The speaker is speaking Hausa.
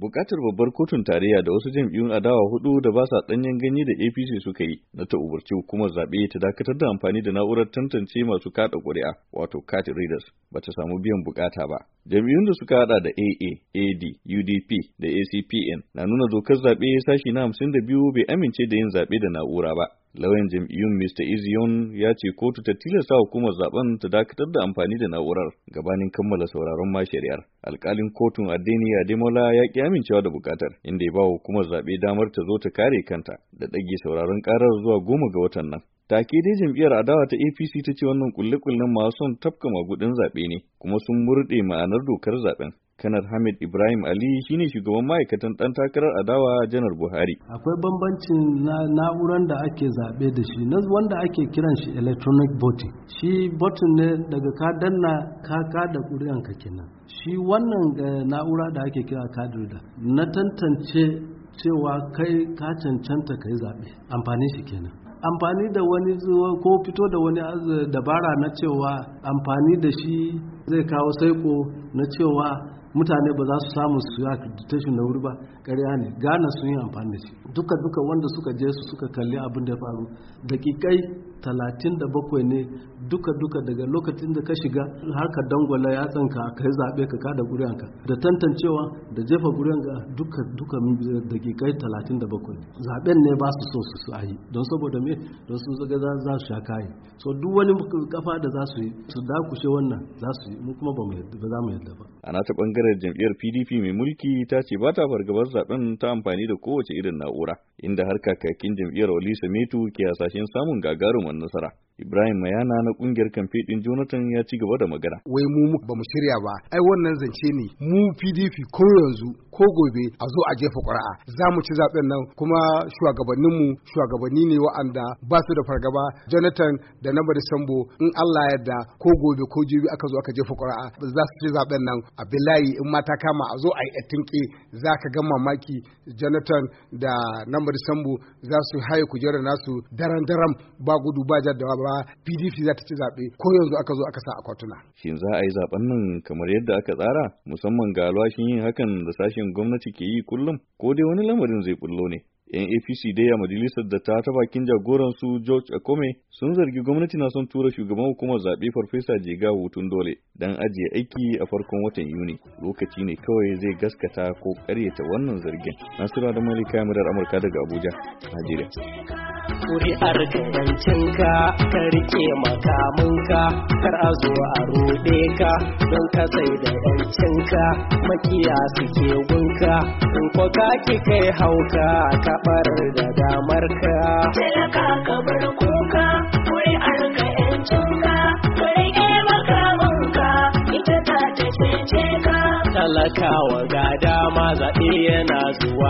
bukatar babbar kotun tarayya da wasu jam'iyyun adawa hudu da ba sa danyen ganye da apc suka yi na ta umarci hukumar zaɓe ta dakatar da amfani da na'urar tantance masu kada ƙuri'a wato cat readers ba ta samu biyan bukata ba jam'iyyun da suka hada da aa ad udp da acpn na nuna dokar zaɓe sashi na hamsin da biyu bai amince da yin zaɓe da na'ura ba Lauyan jam'iyyun Mr. Izion ya ce kotu ta tilasta hukumar zaben ta dakatar da amfani da na'urar gabanin kammala sauraron ma shari'ar. Alkalin kotun Adeni Demola ya ki amincewa da bukatar inda ya ba hukumar zaɓe damar ta zo ta kare kanta da ɗage sauraron ƙarar zuwa goma ga watan nan. Take dai jam'iyyar adawa ta APC ta ce wannan kulle-kullen masu son tafka magudin zaɓe ne kuma sun murɗe ma'anar dokar zaɓen. kanar hamid ibrahim ali shine shugaban ma'aikatan dan takarar adawa janar buhari akwai bambancin na'urar da ake zaɓe da shi na wanda ake kiran shi electronic voting shi voting ne daga ka danna ka kada ka kenan shi wannan eh, na'ura da ake kira reader na tantance cewa kai ka cancanta kai zaɓe amfani shi kenan amfani da wani ko fito da wani eh, dabara na cewa amfani da shi zai kawo saiko na cewa mutane ba za su samu su ya tashin na wuri ba ƙarya ne gana sun yi amfani da shi duka duka wanda suka je su suka kalli abin da faru da ƙiƙai. talatin da bakwai ne duka-duka daga lokacin da ka shiga har ka dangwala tsanka ka yi zaɓe ka kada guriyanka da tantancewa da jefa guriyanka duka-duka dakikai talatin da bakwai zaɓen ne ba su so su ayi don saboda me don su zaga za su sha kayi so duk wani kafa da za su yi su dakushe wannan za su yi mu kuma ba za mu yadda ba a nata bangaren jam'iyyar pdp mai mulki ta ce ba ta fargabar zaben ta amfani da kowace irin na'ura inda har kakakin jam'iyyar wali metu ke hasashen samun gagarumin والنصرة Ibrahim Mayana na kungiyar kamfe din Jonathan ya ci gaba da magana. Wai mu ba mu shirya ba, ai wannan zance ne mu PDP ko yanzu ko gobe a zo a jefa ƙura'a za mu ci zaɓen nan kuma shugabanninmu shugabanni ne wa'anda ba su da fargaba Jonathan da na Sambo in Allah yarda ko gobe ko jibi aka zo aka jefa ƙura'a za su ci zaɓen nan a bilayi in mata kama a zo a yi tinke za ka ga mamaki Jonathan da na Sambo za su haye kujerar nasu daren daren ba gudu ba jaddawa ba cewa PDP za ta ci zaɓe ko yanzu aka zo aka sa a kwatuna. Shin za a yi zaɓen nan kamar yadda aka tsara musamman ga alwashin yin hakan da sashen gwamnati ke yi kullum ko dai wani lamarin zai bullo ne. 'yan apc daya majalisar da ta ta bakin jagoransu george akome sun zargi gwamnati na son tura shugaban hukumar zaɓe farfesa jega hutun dole don ajiye aiki a farkon watan yuni lokaci ne kawai zai gaskata ko karyata wannan zargin nasiru da malika kamarar amurka daga abuja najeriya kuri'ar ka rike makamunka kar a zo a roɗe ka don ka sai da yancinka makiya suke gunka in ko ki kai hauka ka farar da damar ka. Talaka ka bar kuka, wuri arka yancinka, wuri ke makamanka, ita ta ta ce ka. Talakawa ga dama zaɓe yana zuwa.